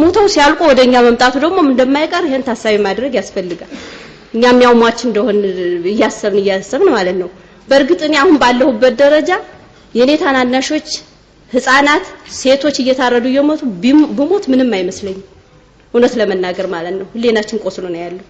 ሙተው ሲያልቁ ወደኛ መምጣቱ ደግሞ እንደማይቀር ይህን ታሳቢ ማድረግ ያስፈልጋል። እኛም ያው ሟች እንደሆን እያሰብን እያሰብን ማለት ነው። በእርግጥ እኔ አሁን ባለሁበት ደረጃ የኔ ታናናሾች፣ ህፃናት፣ ሴቶች እየታረዱ እየሞቱ ብሞት ምንም አይመስለኝም። እውነት ለመናገር ማለት ነው ህሊናችን ቆስሎ ነው ያለው።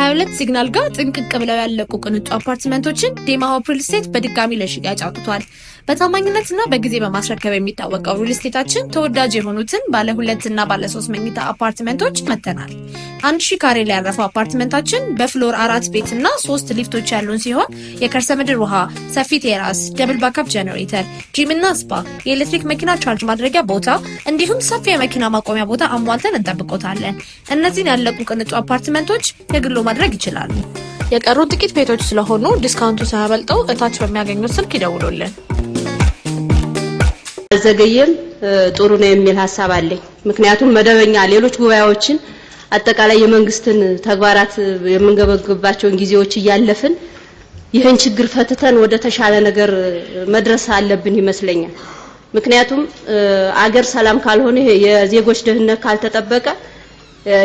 22 ሲግናል ጋር ጥንቅቅ ብለው ያለቁ ቅንጡ አፓርትመንቶችን ዴማ ሆፕ ሪል ስቴት በድጋሚ ለሽያጭ አውጥቷል። በታማኝነትና በጊዜ በማስረከብ የሚታወቀው ሪልስቴታችን ተወዳጅ የሆኑትን ባለ ሁለት እና ባለ ሶስት መኝታ አፓርትመንቶች መተናል። አንድ ሺ ካሬ ላይ ያረፈው አፓርትመንታችን በፍሎር አራት ቤት እና ሶስት ሊፍቶች ያሉን ሲሆን የከርሰ ምድር ውሃ፣ ሰፊ ቴራስ፣ ደብል ባካፕ ጀኔሬተር፣ ጂም እና ስፓ፣ የኤሌክትሪክ መኪና ቻርጅ ማድረጊያ ቦታ እንዲሁም ሰፊ የመኪና ማቆሚያ ቦታ አሟልተን እንጠብቆታለን። እነዚህን ያለቁ ቅንጡ አፓርትመንቶች የግሎ ማድረግ ይችላሉ። የቀሩ ጥቂት ቤቶች ስለሆኑ ዲስካውንቱ ሳያበልጠው እታች በሚያገኙት ስልክ ይደውሉልን። ዘገየም ጥሩ ነው የሚል ሀሳብ አለኝ። ምክንያቱም መደበኛ ሌሎች ጉባኤዎችን አጠቃላይ የመንግስትን ተግባራት የምንገበግባቸውን ጊዜዎች እያለፍን ይህን ችግር ፈትተን ወደ ተሻለ ነገር መድረስ አለብን ይመስለኛል። ምክንያቱም አገር ሰላም ካልሆነ የዜጎች ደህንነት ካልተጠበቀ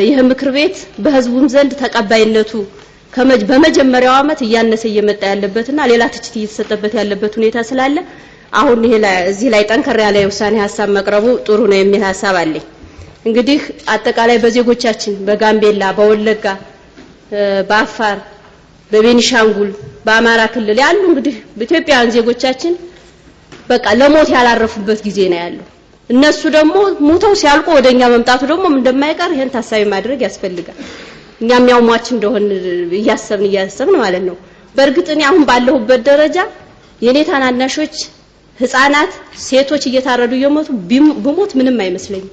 ይህ ምክር ቤት በህዝቡም ዘንድ ተቀባይነቱ በመጀመሪያው ዓመት እያነሰ እየመጣ ያለበትና ሌላ ትችት እየተሰጠበት ያለበት ሁኔታ ስላለ አሁን ይሄ እዚህ ላይ ጠንከር ያለ የውሳኔ ሀሳብ መቅረቡ ጥሩ ነው የሚል ሀሳብ አለኝ። እንግዲህ አጠቃላይ በዜጎቻችን በጋምቤላ፣ በወለጋ፣ በአፋር፣ በቤኒሻንጉል፣ በአማራ ክልል ያሉ እንግዲህ ኢትዮጵያውያን ዜጎቻችን በቃ ለሞት ያላረፉበት ጊዜ ነው ያለው። እነሱ ደግሞ ሙተው ሲያልቁ ወደኛ መምጣቱ ደግሞ እንደማይቀር ይሄን ታሳቢ ማድረግ ያስፈልጋል። እኛም ያው ሟች እንደሆን እያሰብን እያሰብን ማለት ነው። በእርግጥ እኔ አሁን ባለሁበት ደረጃ የኔ ታናናሾች፣ ህፃናት፣ ሴቶች እየታረዱ እየሞቱ ብሞት ምንም አይመስለኝም።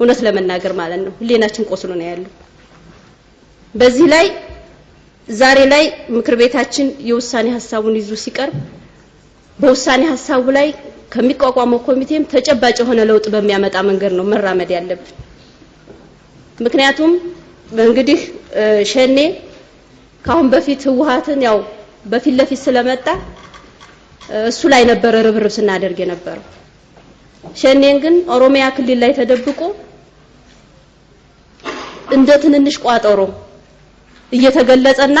እውነት ለመናገር ማለት ነው ህሊናችን ቆስሎ ነው ያለው። በዚህ ላይ ዛሬ ላይ ምክር ቤታችን የውሳኔ ሀሳቡን ይዞ ሲቀርብ በውሳኔ ሀሳቡ ላይ ከሚቋቋመው ኮሚቴም ተጨባጭ የሆነ ለውጥ በሚያመጣ መንገድ ነው መራመድ ያለብን። ምክንያቱም እንግዲህ ሸኔ ካሁን በፊት ህውሃትን ያው በፊት ለፊት ስለመጣ እሱ ላይ ነበረ ርብርብ ስናደርግ የነበረው። ሸኔን ግን ኦሮሚያ ክልል ላይ ተደብቆ እንደ ትንንሽ ቋጠሮ እየተገለጸና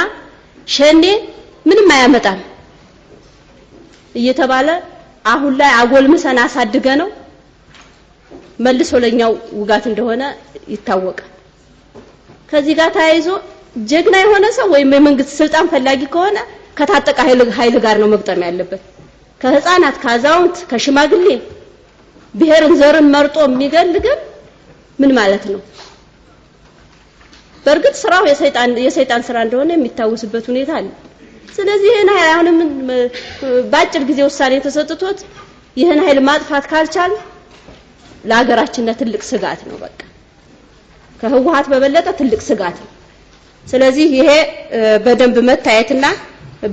ሸኔ ምንም አያመጣም እየተባለ አሁን ላይ አጎልምሰን አሳድገ ነው መልሶ ለኛው ውጋት እንደሆነ ይታወቃል። ከዚህ ጋር ተያይዞ ጀግና የሆነ ሰው ወይም የመንግስት ስልጣን ፈላጊ ከሆነ ከታጠቀ ኃይል ጋር ነው መግጠም ያለበት። ከህፃናት፣ ከአዛውንት፣ ከሽማግሌ ብሔርን ዘርን መርጦ የሚገል ግን ምን ማለት ነው? በእርግጥ ስራው የሰይጣን የሰይጣን ስራ እንደሆነ የሚታወስበት ሁኔታ አለ። ስለዚህ ይህን ኃይል አሁንም በአጭር ጊዜ ውሳኔ ተሰጥቶት ይህን ኃይል ማጥፋት ካልቻል ለሀገራችን ትልቅ ስጋት ነው በቃ ከህወሀት በበለጠ ትልቅ ስጋት ነው። ስለዚህ ይሄ በደንብ መታየትና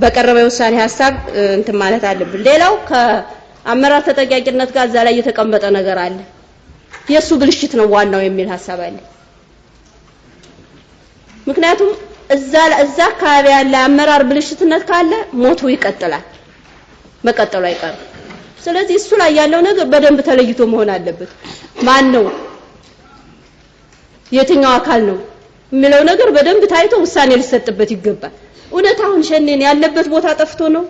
በቀረበ የውሳኔ ሀሳብ እንትን ማለት አለብን። ሌላው ከአመራር ተጠያቂነት ጋር እዛ ላይ የተቀመጠ ነገር አለ። የእሱ ብልሽት ነው ዋናው የሚል ሀሳብ አለ። ምክንያቱም እዛ አካባቢ ያለ አመራር ብልሽትነት ካለ ሞቱ ይቀጥላል፣ መቀጠሉ አይቀርም። ስለዚህ እሱ ላይ ያለው ነገር በደንብ ተለይቶ መሆን አለበት። ማን ነው የትኛው አካል ነው የሚለው ነገር በደንብ ታይቶ ውሳኔ ሊሰጥበት ይገባል። እውነት አሁን ሸኔን ያለበት ቦታ ጠፍቶ ነው?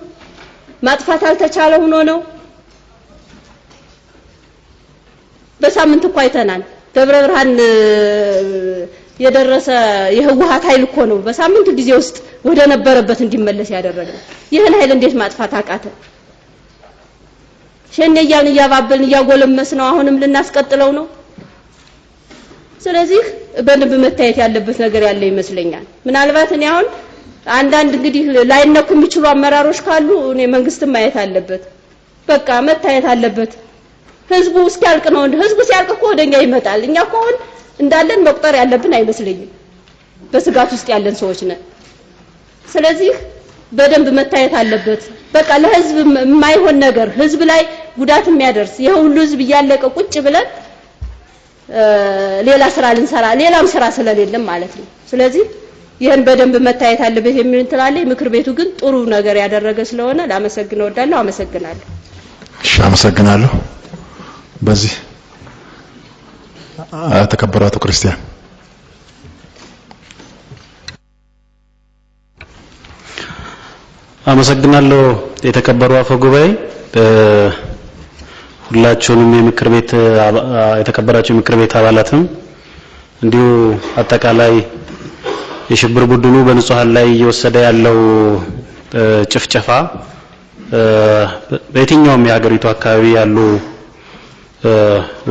ማጥፋት አልተቻለ ሆኖ ነው? በሳምንት እኮ አይተናል። ደብረ ብርሃን የደረሰ የህወሓት ኃይል እኮ ነው በሳምንት ጊዜ ውስጥ ወደ ነበረበት እንዲመለስ ያደረገ። ይህን ኃይል እንዴት ማጥፋት አቃተ? ሸኔ እያልን እያባበልን እያጎለመስ ነው። አሁንም ልናስቀጥለው ነው። ስለዚህ በልብ መታየት ያለበት ነገር ያለ ይመስለኛል። ምናልባት እኔ አሁን አንዳንድ እንግዲህ ላይነኩ የሚችሉ አመራሮች ካሉ እኔ መንግስትም ማየት አለበት፣ በቃ መታየት አለበት። ህዝቡ እስኪያልቅ ነው። ህዝቡ ሲያልቅ እኮ ወደኛ ይመጣል። እኛ እኮ አሁን እንዳለን መቁጠር ያለብን አይመስለኝም። በስጋት ውስጥ ያለን ሰዎች ነን። ስለዚህ በደንብ መታየት አለበት። በቃ ለህዝብ የማይሆን ነገር ህዝብ ላይ ጉዳት የሚያደርስ ይሄ ሁሉ ህዝብ እያለቀ ቁጭ ብለን ሌላ ስራ ልንሰራ ሌላም ስራ ስለሌለም ማለት ነው። ስለዚህ ይህን በደንብ መታየት አለበት የሚል እንትን ምክር ቤቱ ግን ጥሩ ነገር ያደረገ ስለሆነ ላመሰግን እወዳለሁ። አመሰግናለሁ። እሺ፣ አመሰግናለሁ። በዚህ ተከበሩ አቶ ክርስቲያን አመሰግናለሁ። የተከበሩ አፈ ጉባኤ ሁላችሁንም የምክር ቤት የተከበራችሁ የምክር ቤት አባላትም እንዲሁ አጠቃላይ የሽብር ቡድኑ በንጹሃን ላይ እየወሰደ ያለው ጭፍጨፋ በየትኛውም የሀገሪቱ አካባቢ ያሉ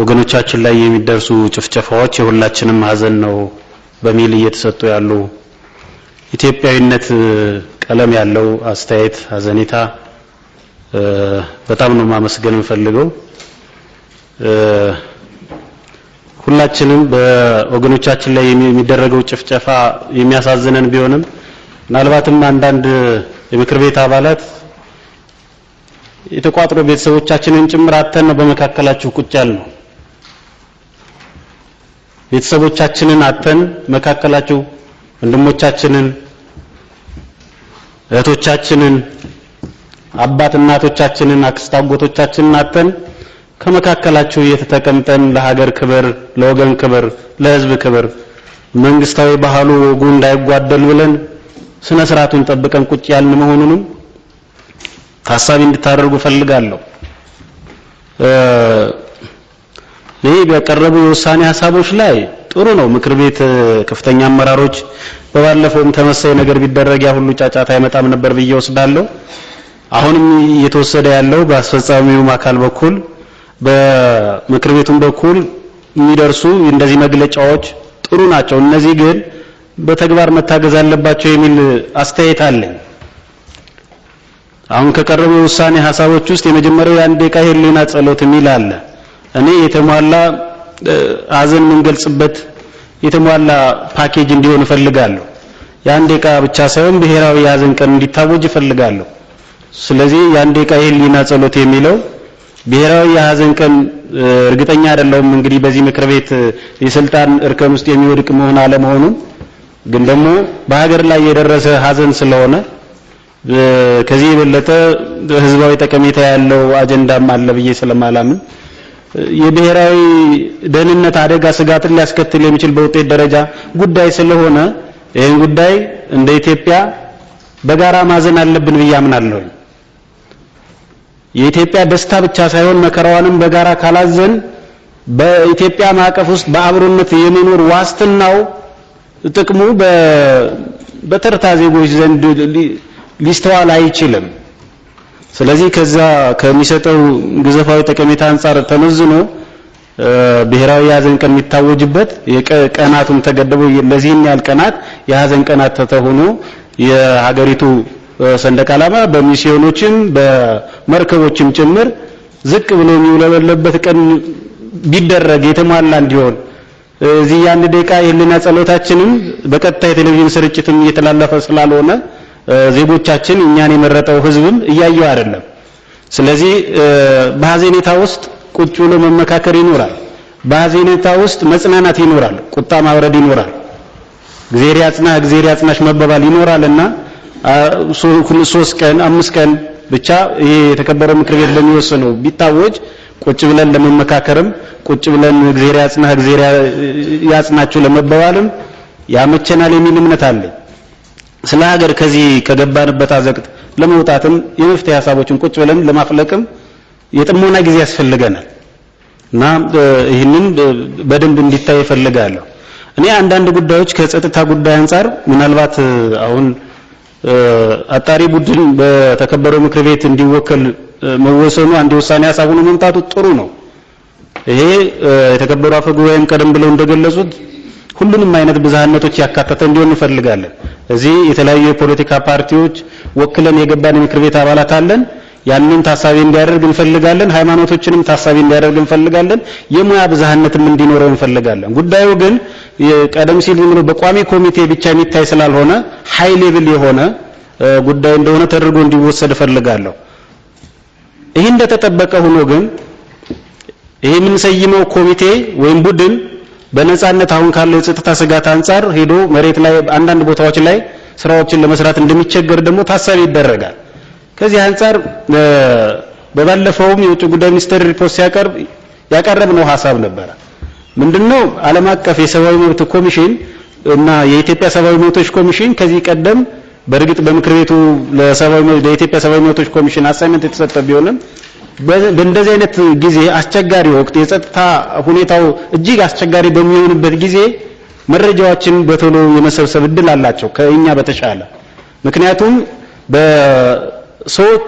ወገኖቻችን ላይ የሚደርሱ ጭፍጨፋዎች የሁላችንም ሀዘን ነው በሚል እየተሰጡ ያሉ ኢትዮጵያዊነት ቀለም ያለው አስተያየት ሀዘኔታ በጣም ነው ማመስገን የምፈልገው። ሁላችንም በወገኖቻችን ላይ የሚደረገው ጭፍጨፋ የሚያሳዝነን ቢሆንም ምናልባትም አንዳንድ የምክር ቤት አባላት የተቋጥሮ ቤተሰቦቻችንን ጭምር አተን ነው በመካከላችሁ ቁጭ ያልነው። ቤተሰቦቻችንን አተን መካከላችሁ ወንድሞቻችንን እህቶቻችንን አባት እናቶቻችንን አክስት አጎቶቻችንን አጥተን ከመካከላችሁ ለሀገር ክብር፣ ለወገን ክብር፣ ለህዝብ ክብር መንግስታዊ ባህሉ ወጉ እንዳይጓደል ብለን ስነ ስርዓቱን ጠብቀን ቁጭ ያልን መሆኑንም ታሳቢ እንድታደርጉ ፈልጋለሁ። ይህ በቀረቡ የውሳኔ ሀሳቦች ላይ ጥሩ ነው። ምክር ቤት ከፍተኛ አመራሮች በባለፈውም ተመሳይ ነገር ቢደረግ ያ ሁሉ ጫጫታ አይመጣም ነበር ብዬ ወስዳለሁ። አሁንም እየተወሰደ ያለው በአስፈጻሚውም አካል በኩል በምክር ቤቱም በኩል የሚደርሱ እንደዚህ መግለጫዎች ጥሩ ናቸው። እነዚህ ግን በተግባር መታገዝ አለባቸው የሚል አስተያየት አለኝ። አሁን ከቀረቡ የውሳኔ ሀሳቦች ውስጥ የመጀመሪያው የአንድ ደቂቃ የህሊና ጸሎት የሚል አለ። እኔ የተሟላ ሀዘን የምንገልጽበት የተሟላ ፓኬጅ እንዲሆን እፈልጋለሁ። የአንድ ቃ ብቻ ሳይሆን ብሔራዊ የሀዘን ቀን እንዲታወጅ እፈልጋለሁ። ስለዚህ የአንድ ቀን የህሊና ጸሎት የሚለው ብሔራዊ የሀዘን ቀን እርግጠኛ አይደለሁም እንግዲህ በዚህ ምክር ቤት የስልጣን እርከን ውስጥ የሚወድቅ መሆን አለመሆኑም ግን ደግሞ በሀገር ላይ የደረሰ ሀዘን ስለሆነ ከዚህ የበለጠ ህዝባዊ ጠቀሜታ ያለው አጀንዳም አለ ብዬ ስለማላምን የብሔራዊ ደህንነት አደጋ ስጋትን ሊያስከትል የሚችል በውጤት ደረጃ ጉዳይ ስለሆነ ይህን ጉዳይ እንደ ኢትዮጵያ በጋራ ማዘን አለብን ብዬ አምናለሁኝ። የኢትዮጵያ ደስታ ብቻ ሳይሆን መከራዋንም በጋራ ካላዘን በኢትዮጵያ ማዕቀፍ ውስጥ በአብሮነት የመኖር ዋስትናው ጥቅሙ በተርታ ዜጎች ዘንድ ሊስተዋል አይችልም። ስለዚህ ከዛ ከሚሰጠው ግዘፋዊ ጠቀሜታ አንጻር ተመዝኖ ብሔራዊ የሀዘን ቀን የሚታወጅበት ቀናቱም ተገድበው ለዚህም ያህል ቀናት የሀዘን ቀናት የሀገሪቱ ሰንደቅ ዓላማ በሚስዮኖችም በመርከቦችም ጭምር ዝቅ ብሎ የሚውለበለበት ቀን ቢደረግ የተሟላ እንዲሆን እዚህ የአንድ ደቂቃ የህሊና ጸሎታችንም በቀጥታ የቴሌቪዥን ስርጭትም እየተላለፈ ስላልሆነ ዜጎቻችን እኛን የመረጠው ህዝብም እያየው አይደለም። ስለዚህ በሀዘኔታ ውስጥ ቁጭ ብሎ መመካከር ይኖራል። በሀዘኔታ ውስጥ መጽናናት ይኖራል። ቁጣ ማውረድ ይኖራል። እግዜር ያጽናህ እግዜር ያጽናሽ መባባል ይኖራልና ሶስት ቀን አምስት ቀን ብቻ ይሄ የተከበረ ምክር ቤት በሚወስነው ቢታወጅ ቁጭ ብለን ለመመካከርም ቁጭ ብለን እግዚአብሔር ያጽና እግዚአብሔር ያጽናችሁ ለመባባልም ያመቸናል የሚል እምነት አለኝ። ስለ ሀገር ከዚህ ከገባንበት አዘቅት ለመውጣትም የመፍትሄ ሀሳቦችን ቁጭ ብለን ለማፍለቅም የጥሞና ጊዜ ያስፈልገናል እና ይህንን በደንብ እንዲታይ እፈልጋለሁ። እኔ አንዳንድ ጉዳዮች ከጸጥታ ጉዳይ አንጻር ምናልባት አሁን አጣሪ ቡድን በተከበረው ምክር ቤት እንዲወከል መወሰኑ አንድ ውሳኔ ሀሳብ መምጣቱ ጥሩ ነው። ይሄ የተከበሩ አፈ ጉባኤም ቀደም ብለው እንደገለጹት ሁሉንም አይነት ብዝሃነቶች ያካተተ እንዲሆን እንፈልጋለን። እዚህ የተለያዩ የፖለቲካ ፓርቲዎች ወክለን የገባን የምክር ቤት አባላት አለን። ያንን ታሳቢ እንዲያደርግ እንፈልጋለን። ሃይማኖቶችንም ታሳቢ እንዲያደርግ እንፈልጋለን። የሙያ ብዝሃነትም እንዲኖረው እንፈልጋለን። ጉዳዩ ግን ቀደም ሲል ዝም ብሎ በቋሚ ኮሚቴ ብቻ የሚታይ ስላልሆነ ሃይ ሌቭል የሆነ ጉዳይ እንደሆነ ተደርጎ እንዲወሰድ እፈልጋለሁ። ይህ እንደተጠበቀ ሆኖ ግን ይህ የምንሰይመው ኮሚቴ ወይም ቡድን በነፃነት አሁን ካለው የጸጥታ ስጋት አንጻር ሄዶ መሬት ላይ አንዳንድ ቦታዎች ላይ ስራዎችን ለመስራት እንደሚቸገር ደግሞ ታሳቢ ይደረጋል። ከዚህ አንጻር በባለፈውም የውጭ ጉዳይ ሚኒስቴር ሪፖርት ሲያቀርብ ያቀረብነው ሀሳብ ነበረ። ምንድነው ዓለም አቀፍ የሰብአዊ መብት ኮሚሽን እና የኢትዮጵያ ሰብአዊ መብቶች ኮሚሽን ከዚህ ቀደም በእርግጥ በምክር ቤቱ ለኢትዮጵያ ሰብአዊ መብቶች ኮሚሽን አሳይመንት የተሰጠ ቢሆንም በእንደዚህ አይነት ጊዜ አስቸጋሪ ወቅት የጸጥታ ሁኔታው እጅግ አስቸጋሪ በሚሆንበት ጊዜ መረጃዎችን በቶሎ የመሰብሰብ እድል አላቸው ከእኛ በተሻለ ምክንያቱም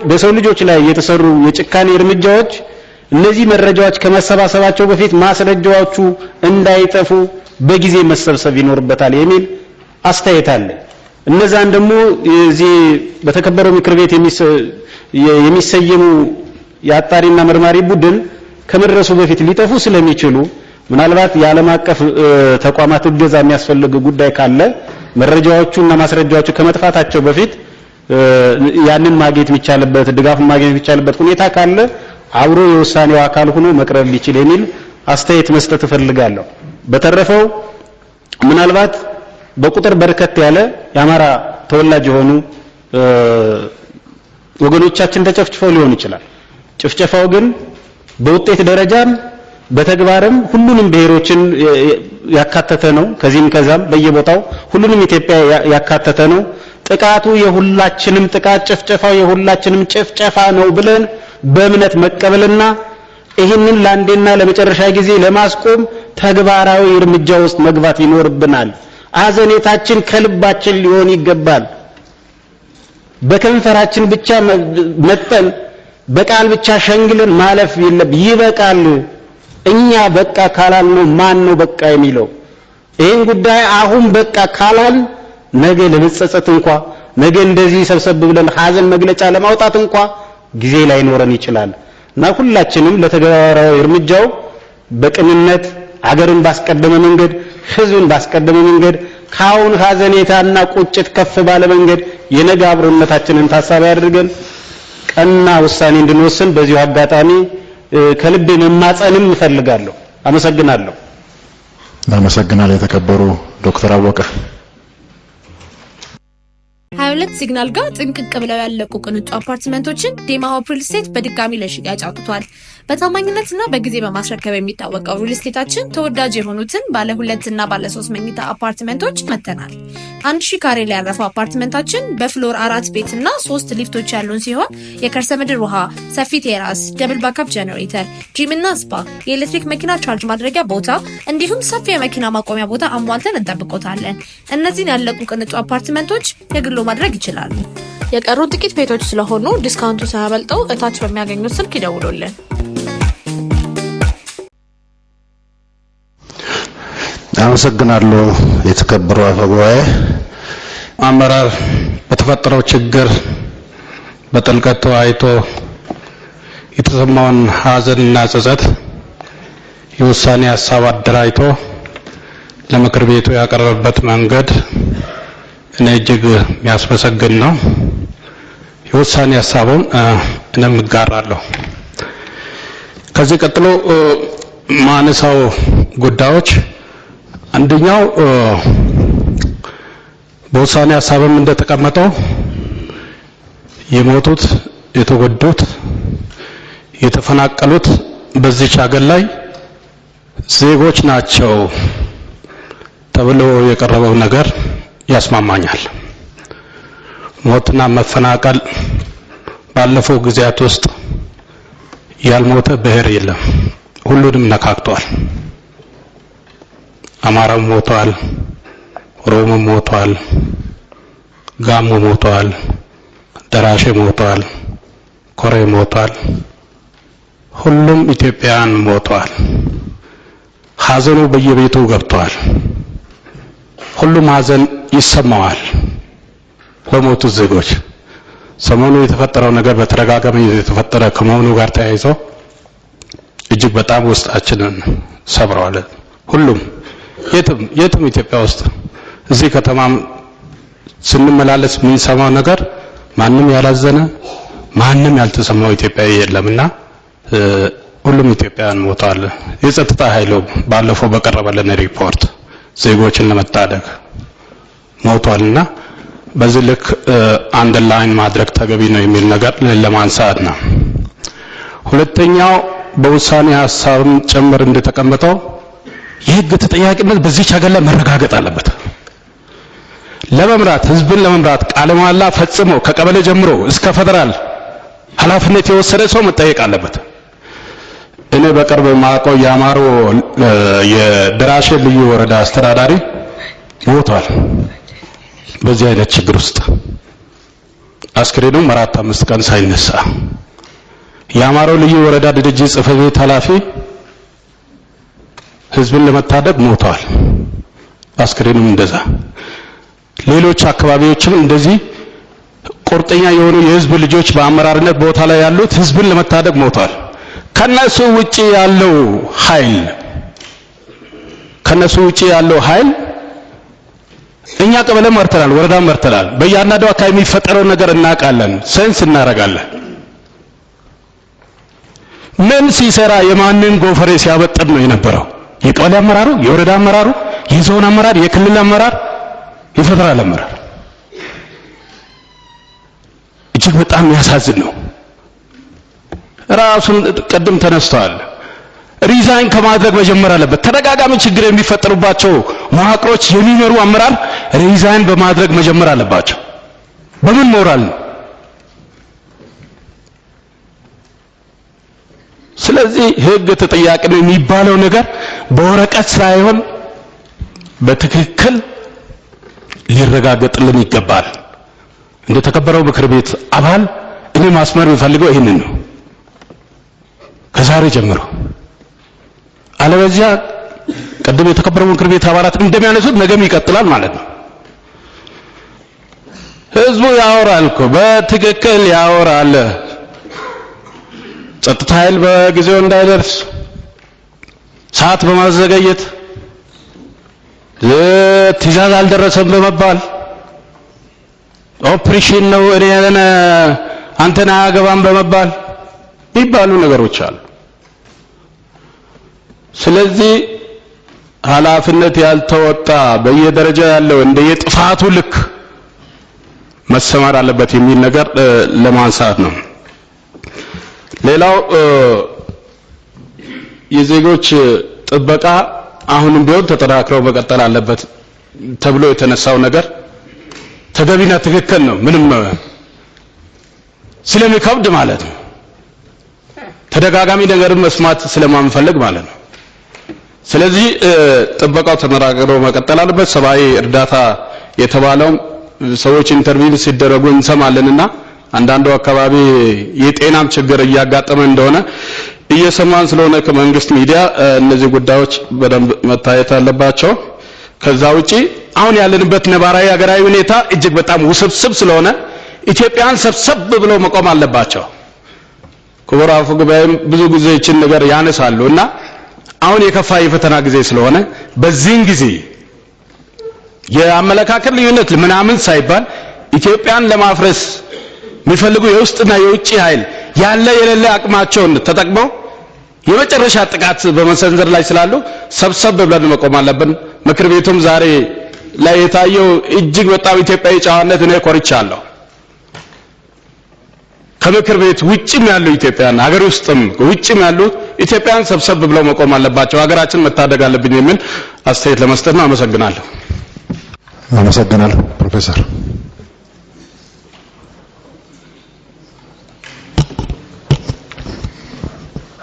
በሰው ልጆች ላይ የተሰሩ የጭካኔ እርምጃዎች እነዚህ መረጃዎች ከመሰባሰባቸው በፊት ማስረጃዎቹ እንዳይጠፉ በጊዜ መሰብሰብ ይኖርበታል የሚል አስተያየት አለ። እነዛን ደግሞ እዚህ በተከበረው ምክር ቤት የሚሰየሙ የአጣሪና መርማሪ ቡድን ከመድረሱ በፊት ሊጠፉ ስለሚችሉ ምናልባት የዓለም አቀፍ ተቋማት እገዛ የሚያስፈልግ ጉዳይ ካለ መረጃዎቹ እና ማስረጃዎቹ ከመጥፋታቸው በፊት ያንን ማግኘት የሚቻልበት ድጋፍ ማግኘት የሚቻልበት ሁኔታ ካለ አብሮ የውሳኔው አካል ሆኖ መቅረብ ቢችል የሚል አስተያየት መስጠት እፈልጋለሁ። በተረፈው ምናልባት በቁጥር በርከት ያለ የአማራ ተወላጅ የሆኑ ወገኖቻችን ተጨፍጭፈው ሊሆን ይችላል። ጭፍጨፋው ግን በውጤት ደረጃም በተግባርም ሁሉንም ብሔሮችን ያካተተ ነው። ከዚህም ከዛም በየቦታው ሁሉንም ኢትዮጵያ ያካተተ ነው። ጥቃቱ የሁላችንም ጥቃት፣ ጭፍጨፋው የሁላችንም ጭፍጨፋ ነው ብለን በእምነት መቀበልና ይህንን ለአንዴና ለመጨረሻ ጊዜ ለማስቆም ተግባራዊ እርምጃ ውስጥ መግባት ይኖርብናል። አዘኔታችን ከልባችን ሊሆን ይገባል። በከንፈራችን ብቻ መጠን በቃል ብቻ ሸንግለን ማለፍ የለም። ይበቃል። እኛ በቃ ካላል ነው ማን ነው በቃ የሚለው? ይህን ጉዳይ አሁን በቃ ካላል ነገ ለመጸጸት እንኳ ነገ እንደዚህ ሰብሰብ ብለን ሀዘን መግለጫ ለማውጣት እንኳ ጊዜ ላይኖረን ይችላል እና ሁላችንም ለተግባራዊ እርምጃው በቅንነት አገርን ባስቀደመ መንገድ ህዝብን ባስቀደመ መንገድ ከአሁን ሀዘኔታና ቁጭት ከፍ ባለ መንገድ የነገ አብሮነታችንን ታሳቢ አድርገን ቀና ውሳኔ እንድንወስን በዚሁ አጋጣሚ ከልቤ መማጸንም እፈልጋለሁ። አመሰግናለሁ። እናመሰግናለን የተከበሩ ዶክተር አወቀ። 22 ሲግናል ጋር ጥንቅቅ ብለው ያለቁ ቅንጡ አፓርትመንቶችን ዴማ ሆፕ ሪል ስቴት በድጋሚ ለሽያጭ አውጥቷል። በታማኝነትና በጊዜ በማስረከብ የሚታወቀው ሪልስቴታችን ተወዳጅ የሆኑትን ባለ እና ባለ ሶስት መኝታ አፓርትመንቶች መተናል። አንድ ሺ ካሬ ላይ ያረፈው አፓርትመንታችን በፍሎር አራት ቤትና ሶስት ሊፍቶች ያሉን ሲሆን የከርሰ ምድር ውሃ፣ ሰፊ ቴራስ፣ ደብል ባካፕ ጀኔሬተር፣ ጂምና ስፓ፣ የኤሌክትሪክ መኪና ቻርጅ ማድረጊያ ቦታ እንዲሁም ሰፊ የመኪና ማቆሚያ ቦታ አሟልተን እንጠብቆታለን። እነዚህን ያለቁ ቅንጡ አፓርትመንቶች የግሎ ማድረግ ይችላሉ። የቀሩን ጥቂት ቤቶች ስለሆኑ ዲስካውንቱ ሳያበልጠው እታች በሚያገኙት ስልክ ይደውሉልን። አመሰግናለሁ። የተከበሩ አፈ ጉባኤ፣ አመራር በተፈጠረው ችግር በጥልቀት ተወያይቶ የተሰማውን ሀዘንና ጸጸት የውሳኔ ሀሳብ አደራጅቶ ለምክር ቤቱ ያቀረበበት መንገድ እኔ እጅግ የሚያስመሰግን ነው። የውሳኔ ሀሳቡን እኔም እጋራለሁ። ከዚህ ቀጥሎ ማነሳው ጉዳዮች አንደኛው በውሳኔ ሀሳብም እንደተቀመጠው የሞቱት፣ የተጎዱት፣ የተፈናቀሉት በዚች ሀገር ላይ ዜጎች ናቸው ተብሎ የቀረበው ነገር ያስማማኛል። ሞትና መፈናቀል ባለፈው ጊዜያት ውስጥ ያልሞተ ብሔር የለም፣ ሁሉንም ነካክቷል። አማራም ሞቷል ኦሮሞም ሞቷል ጋሞ ሞቷል ደራሼ ሞቷል ኮሬ ሞቷል። ሁሉም ኢትዮጵያውያን ሞቷል። ሀዘኑ በየቤቱ ገብቷል። ሁሉም ሀዘን ይሰማዋል ለሞቱ ዜጎች። ሰሞኑ የተፈጠረው ነገር በተደጋጋሚ የተፈጠረ ከመሆኑ ጋር ተያይዞ እጅግ በጣም ውስጣችንን ሰብረዋል ሁሉም የትም የትም ኢትዮጵያ ውስጥ እዚህ ከተማም ስንመላለስ የምንሰማው ነገር ማንም ያላዘነ ማንም ያልተሰማው ኢትዮጵያዊ የለምና ሁሉም ኢትዮጵያውያን ሞተዋል። የጸጥታ ኃይሉ ባለፈው በቀረበልን ሪፖርት ዜጎችን ለመታደግ ሞቷልና በዚህ ልክ አንድ ላይን ማድረግ ተገቢ ነው የሚል ነገር ለማንሳት ነው። ሁለተኛው በውሳኔ ሀሳብም ጭምር እንደተቀመጠው የህግ ተጠያቂነት በዚች ሀገር ላይ መረጋገጥ አለበት። ለመምራት ህዝብን ለመምራት ቃለ መሐላ ፈጽሞ ከቀበሌ ጀምሮ እስከ ፌደራል ኃላፊነት የወሰደ ሰው መጠየቅ አለበት። እኔ በቅርብ የማውቀው የአማሮ የደራሼ ልዩ ወረዳ አስተዳዳሪ ሞቷል። በዚህ አይነት ችግር ውስጥ አስክሬኑም አራት አምስት ቀን ሳይነሳ የአማሮ ልዩ ወረዳ ድርጅት ጽሕፈት ቤት ኃላፊ ህዝብን ለመታደግ ሞተዋል። አስክሬኑም እንደዛ ሌሎች አካባቢዎችም እንደዚህ ቁርጠኛ የሆኑ የህዝብ ልጆች በአመራርነት ቦታ ላይ ያሉት ህዝብን ለመታደግ ሞተዋል። ከነሱ ውጪ ያለው ኃይል ከነሱ ውጪ ያለው ኃይል እኛ ቀበሌ መርተናል፣ ወረዳ መርተናል። በእያንዳንዱ አካባቢ የሚፈጠረው ነገር እናውቃለን፣ ሴንስ እናደርጋለን። ምን ሲሰራ የማንን ጎፈሬ ሲያበጥር ነው የነበረው? የቀበሌ አመራሩ፣ የወረዳ አመራሩ፣ የዞን አመራር፣ የክልል አመራር፣ የፌደራል አመራር እጅግ በጣም የሚያሳዝን ነው። ራሱን ቅድም ተነስተዋል። ሪዛይን ከማድረግ መጀመር አለበት። ተደጋጋሚ ችግር የሚፈጠሩባቸው መዋቅሮች የሚመሩ አመራር ሪዛይን በማድረግ መጀመር አለባቸው። በምን ሞራል ነው? ስለዚህ ህግ ተጠያቂ ነው የሚባለው ነገር በወረቀት ሳይሆን በትክክል ሊረጋገጥልን ይገባል። እንደ ተከበረው ምክር ቤት አባል እኔ ማስመር የሚፈልገው ይህንን ነው፣ ከዛሬ ጀምሮ። አለበዚያ ቅድም የተከበረው ምክር ቤት አባላት እንደሚያነሱት ነገም ይቀጥላል ማለት ነው። ህዝቡ ያወራል እኮ በትክክል ያወራል። ጸጥታ ኃይል በጊዜው እንዳይደርስ ሰዓት በማዘገየት ትእዛዝ አልደረሰም በመባል ኦፕሬሽን ነው እኔ አንተን አያገባም በመባል የሚባሉ ነገሮች አሉ። ስለዚህ ኃላፊነት ያልተወጣ በየደረጃ ያለው እንደየጥፋቱ ልክ መሰማር አለበት የሚል ነገር ለማንሳት ነው። ሌላው የዜጎች ጥበቃ አሁንም ቢሆን ተጠናክረው መቀጠል አለበት ተብሎ የተነሳው ነገር ተገቢና ትክክል ነው። ምንም ስለሚከብድ ማለት ነው። ተደጋጋሚ ነገርን መስማት ስለማንፈልግ ማለት ነው። ስለዚህ ጥበቃው ተጠናክሮ መቀጠል አለበት። ሰብአዊ እርዳታ የተባለውም ሰዎች ኢንተርቪው ሲደረጉ እንሰማለንና አንዳንዱ አካባቢ የጤናም ችግር እያጋጠመ እንደሆነ እየሰማን ስለሆነ ከመንግስት ሚዲያ እነዚህ ጉዳዮች በደንብ መታየት አለባቸው። ከዛ ውጪ አሁን ያለንበት ነባራዊ ሀገራዊ ሁኔታ እጅግ በጣም ውስብስብ ስለሆነ ኢትዮጵያን ሰብሰብ ብለው መቆም አለባቸው። ክቡር አፈ ጉባኤም ብዙ ጊዜ ይችን ነገር ያነሳሉ እና አሁን የከፋ የፈተና ጊዜ ስለሆነ በዚህን ጊዜ የአመለካከት ልዩነት ምናምን ሳይባል ኢትዮጵያን ለማፍረስ የሚፈልጉ የውስጥና የውጭ ኃይል ያለ የሌለ አቅማቸውን ተጠቅመው የመጨረሻ ጥቃት በመሰንዘር ላይ ስላሉ ሰብሰብ ብለን መቆም አለብን። ምክር ቤቱም ዛሬ ላይ የታየው እጅግ በጣም ኢትዮጵያዊ ጨዋነት እኔ ኮርቻለሁ። ከምክር ቤት ውጭም ያሉ ኢትዮጵያን ሀገር ውስጥም ውጭም ያሉ ኢትዮጵያን ሰብሰብ ብለው መቆም አለባቸው። ሀገራችን መታደግ አለብኝ የሚል አስተያየት ለመስጠት ነው። አመሰግናለሁ። አመሰግናለሁ ፕሮፌሰር